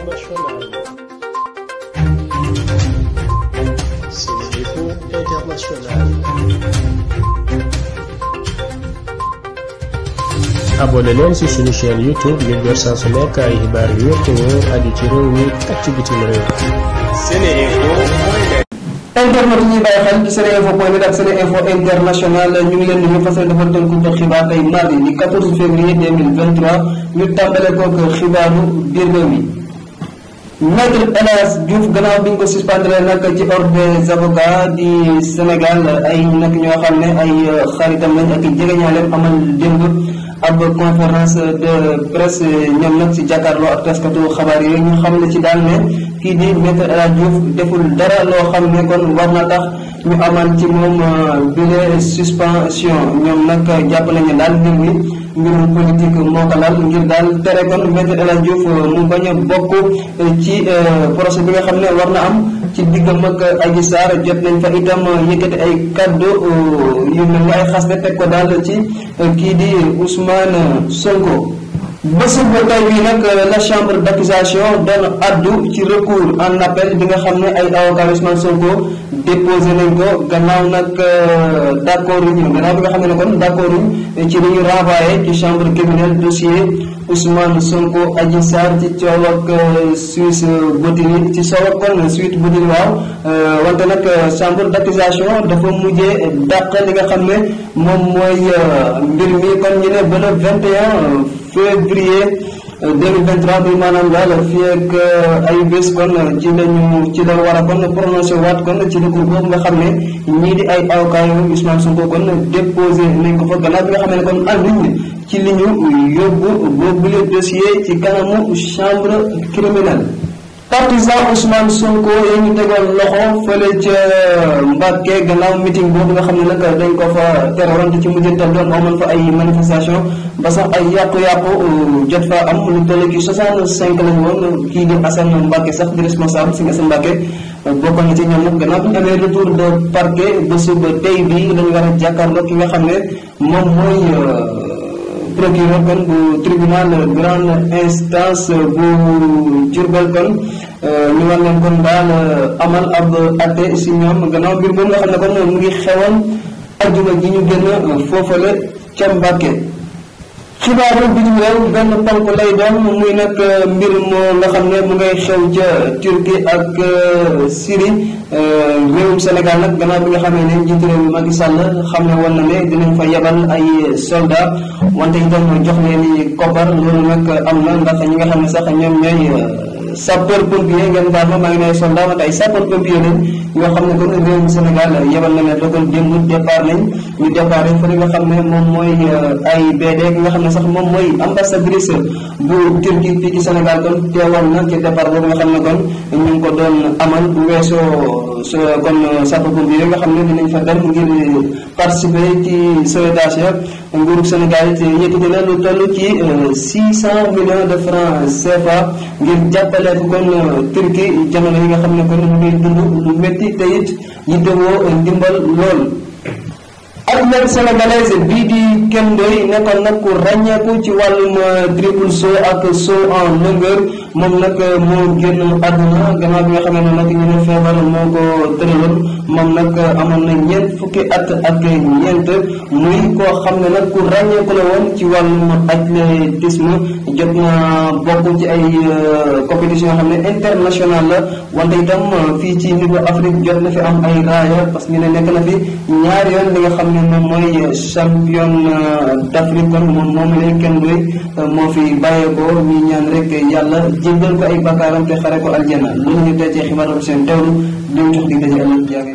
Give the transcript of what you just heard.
internationale. C'est l'écho international. abonné leen ci suñu chaîne YouTube ngir jot saa su nekk ay xibaar yu wér te wóor aju ci réew mi ak ci bitim réew. internet ñuy bàyyi xel ci Seneinfo point net ak Seneinfo international ñu ngi leen di ñu fasal defal tënku jox xibaar tey mardi di 14 février 2023 ñu tàmbale kook xibaaru biir réew mi maître El Hadj Diouf gannaaw bi ñu ko suspendre nag ci ordre des avocats di Sénégal ay nag ñoo xam ne ay euh, xaritam lañ ak jegeñaaleem amal démb ab conférence de presse ñoom nag ci jàkkaarloo ak taskatu xabaar yooyu ñu xam ne ci daal ne kii di maître El Hadj Diouf deful dara loo xam ne kon war na tax ñu amal ci moom euh, bile suspension ñoom nag jàpp nañu daal mbir mi. mbirum politique moo ko laal ngir daal tere kon Maître El euh, mu bañ a bokk euh, ci euh, procès bi nga xam ne war na am ci digg ak Adji Sarr jot nañ fa itam yëkkati ay kaddu yu mel ni ay xas ne teg ko daal ci kii di Ousmane Sonko bésu ba tey bi nag la chambre d' accusation addu ci recours en appel bi nga xam ne ay avocat Ousmane Sonko déposé nañ ko gannaaw nag euh, d' accord ñu gannaaw bi nga xam ne kon d' accord ci li ñu renvoyé ci chambre criminelle dossier Ousmane Sonko Adji Sarr ci coow ak euh, Sweet Beauté ci coow ak kon Sweet Beauté waaw euh, wante nag chambre d' accusation dafa mujjee dàq li nga xam ne moom mooy mbir mi kon ñu ne ba le 21 février. 2023 bi maanaam daal fii ak euh, ay bés kon ci lañu ci la war a kon prononcé waat kon ci recours boobu nga xam ne ñii di ay avocat yu Ousmane Sonko kon déposé nañ ko fa gannaaw bi nga xam ne kon ànduñ ci li ñu yóbbu boobu le dossier ci kanamu chambre criminelle partisan Ousmane Sonko yi ñu tegoon loxo fële ca Mbacke gannaaw meeting boobu nga xam ne nag dañ ko fa teroon ci mujjantal doon amoon fa ay manifestation ba sax ay yàqu-yàqu um, jot fa am lu toll ci 65 lañ woon kii di Assane Mbacke sax di responsable si nga sa Mbacke um, bokkoon na ci ñoom nag gannaaw bu ñu amee retour de parquet ba suba tey bi lañ war a jàkkaarloo ki nga xam ne moom mooy euh, procureur kon bu tribunal grande instance bu Diourbel kon euh, ñu war kon daal euh, amal ab atte si ñoom gannaaw mbir boobu nga xam ne kon mu ngi xewal ajjuma ji ñu génn euh, foofale ca Mbàkke xibaaru bitim réew benn ponk lay doon muy nag euh, mbir moo nga xam ne mu ngay xew ca Turquie ak euh, Syrie euh, réewum Sénégal nag gannaaw bi nga xam ne njiitu réew mi Macky Sall xam ne woon na ne dinañ fa yebal ay solda wante itam jox leen ni koppar loolu nag am na ndax ñi nga xam ne sax ñoom ñooy sapeur pompier ngeen baal ma maa ngi nay soldat wante ay sapeur pompier lañ ñoo xam ne kon réew mi Sénégal yebal na leen dogal démb départ nañ ñu départ nañ fa li nga xam ne moom mooy euh, ay BD ki nga xam ne sax moom mooy ambassadrice bu Turquie fii ci Sénégal kon teewal na ci départ boobu nga xam ne kon ñu ko doon amal bu weesoo su kon sapeur pompier nga xam ne dinañ fa dem ngir participer ci soldats nguurug Sénégal it yëkkati na lu toll ci 600 euh, millions de francs CFA ngir jàppale daj kon euh, Turquie jamono yi nga xam ne kon ñu ngi dund lu métti te it yittewoo euh, ndimbal lool. armée sénégalaise bii di Gueye Ndoye nekkoon nag ku ràññeeku ci wàllum dribble euh, saut ak saut en longueur moom nag euh, moo génn àdduna gannaaw bi nga xam ne nag ñu ne feebar moo ko tëraloon moom nag euh, amoon na ñeent fukki at ak ñeent muy koo xam ne nag ku ràññeeku la woon ci wàllum yoo xam ne international la wante itam fii ci niveau Afrique jot na fi am ay raaya parce que ñu nekk na fi ñaari yoon li nga xam ne moom mooy champion tafrikan moom moom lee kenn doy moo fi bàyyeekoo ñu ñaan rek yàlla jéggal ko ay bakkaaram te xare ko aljana lu ñu dajee xibaaram seen teewlu ñu jox di daje ëllëg jaage